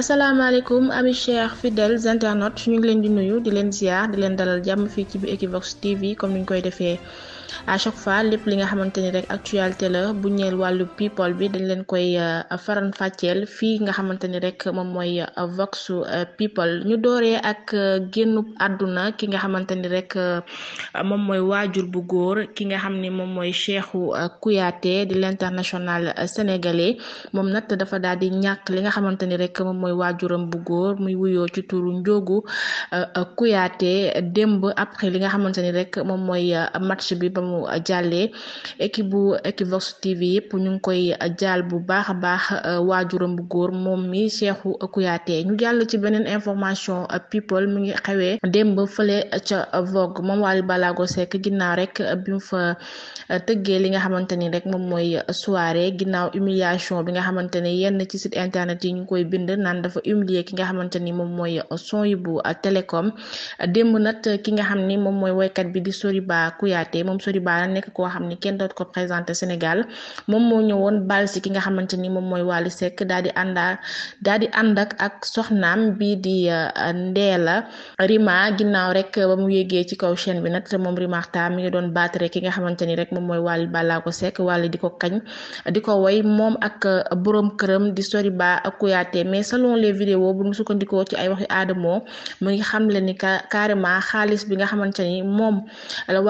asalaamaaleykum ami chers fidèles internautes ñu ngi leen di nuyu di leen ziar di leen dalal jàmm fii ci bi Equivox TV comme ni ñu koy defee. à fois lépp li nga xamante ni rek actualité la bu ñeel wàllu people bi dañ leen koy euh, faran fàcceel fii nga xamante ni rek moom mooy euh, Vox euh, people ñu dooree ak génnu àdduna ki nga xamante ni rek moom mooy waajur bu góor ki nga xam ni moom mooy Cheikhou kuyaate di l'international sénégalais moom nag dafa daal di ñàkk li nga xamante ni rek moom mooy waajuram bu góor muy wuyoo ci turu Njogu Kouyaté démb après li nga xamante ni rek moom mooy match bi mu jàllee équipe bu Equivox TV yëpp ñu ngi koy jaal bu baax a baax euh, waajuram bu góor moom mi Cheikhou Kouyaté ñu jàll ci beneen information euh, people mu ngi xewee démb fële ca Vogue moom Wally Ballago Seck ginnaaw rek euh, bi mu fa tëggee li nga xamante ni rek moom mooy soirée ginnaaw humiliation bi nga xamante ni yenn ci site internet yi ñu koy bind naan dafa humilier ki nga xamante ni moom mooy son yi bu télécom démb nag ki nga xam ni moom mooy woykat Soriba nekk koo xam ni kenn doot ko présenté Sénégal moom moo ñëwoon bal si ki nga xamante ni moom mooy Wally Seck daal di di ànd ak ak soxnaam bii di euh, Ndeela Rima ginnaaw rek ba mu yéegee ci kaw chaîne bi nag te moom Rimarta mi ngi doon battre ki nga xamante ni rek moom mooy Wally Ballago Seck Wally di ko kañ di ko woy moom ak euh, borom këram di Soriba Kouyaté mais selon les vidéos bu ñu sukkandikoo ci ay waxi Adamo mu ngi ni carrément xaalis bi nga xamante moom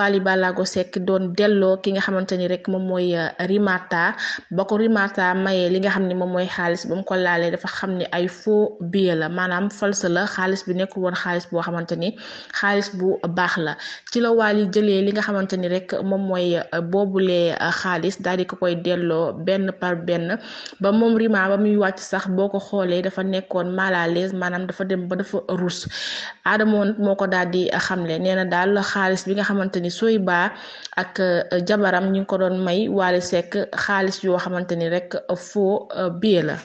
Wally Ballago Seck doon delloo ki nga xamante ni rek moom mooy euh, Rimata ba ko Rimata mayee li nga xam ne moom mooy xaalis ba mu ko laalee dafa xam ne ay foo billet la maanaam false la xaalis bi nekk woon xaalis boo xamante ni xaalis bu baax la ci la Wally jëlee li nga xamante ni rek moom mooy euh, boobulee euh, xaalis daal di ko koy delloo benn par benn ba moom Rima ba muy wàcc sax boo ko xoolee dafa nekkoon mal maanaam dafa dem ba dafa rus Adamo moo ko daal di xamle nee daal xaalis bi nga xamante sooy baa ak euh, jabaram ñu ngi ko doon may Wally Seck xaalis yoo xamante ni rek faux euh, billet la.